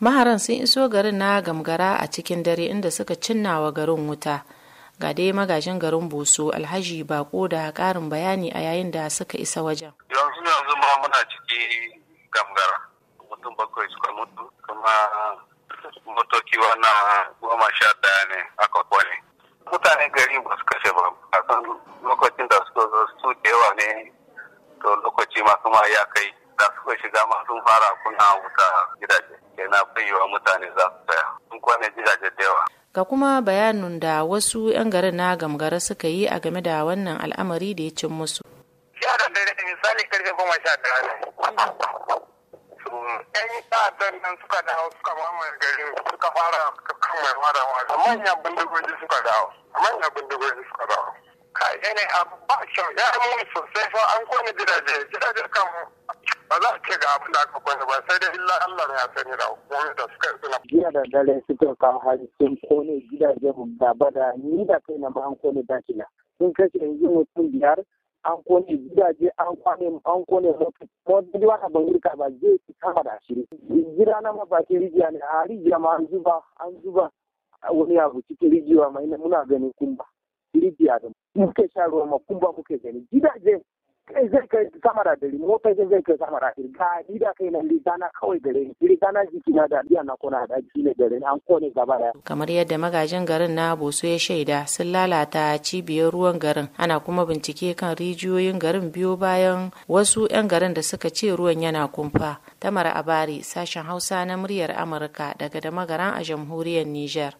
maharan sun iso garin na gamgara a cikin dare inda suka cinnawa garin wuta ga dai magajin garin boso alhaji bako da karin bayani a yayin da suka isa wajen yanzu yanzu ma muna ciki gamgara mutum bakwai suka mutu kuma motoki wana goma sha daya ne aka kwane Mutane gari ba su kashe ba a kan lokacin da suka zo su yawa ne to lokaci ma kuma ya kai da suka shiga ma sun fara kuna wuta gidaje na baiwa mutane za su tsaya sun kwane gidaje da yawa ga kuma bayanin da wasu 'yan garin na gamgara suka yi a game da wannan al'amari da ya cin musu. Yaran da misali karfe goma sha daya ne. Su ‘yan ta'addan nan suka dawo suka mamaye gari suka fara kan mai fara wasu manyan bindigogi suka dawo. Manyan bindigogi suka dawo. Ka ne a ba shi ya yi mun sosai fa an kone gidaje gidaje kan ba za a ce ga abin da aka kwanta ba sai dai illa Allah ya sani da hukumomi da suka suna. Jiya da dare suka kawo hali sun kone gidajen baba da ni da kai na ma an kone dakila. Sun kashe yanzu mutum biyar an kone gidaje an kone an kone motoci kuma duk wata ka ba zai ki kama da shi. Gida na ma bakin rijiya ne a rijiya ma an zuba an zuba wani abu cikin rijiya mai muna ganin kumba. Rijiya da muke sha ruwa ma kumba muke gani gidaje kai zai kai samara da ni mota zai zai kai samara da ga ni da kai nan riga na kawai gare ni riga na jiki na da biya na kona da jiki ne gare ni an kone gaba da kamar yadda magajin garin na boso ya shaida sun lalata cibiyar ruwan garin ana kuma bincike kan rijiyoyin garin biyo bayan wasu 'yan garin da suka ce ruwan yana kumfa tamar abari sashen hausa na muryar amurka daga da magaran a jamhuriyar niger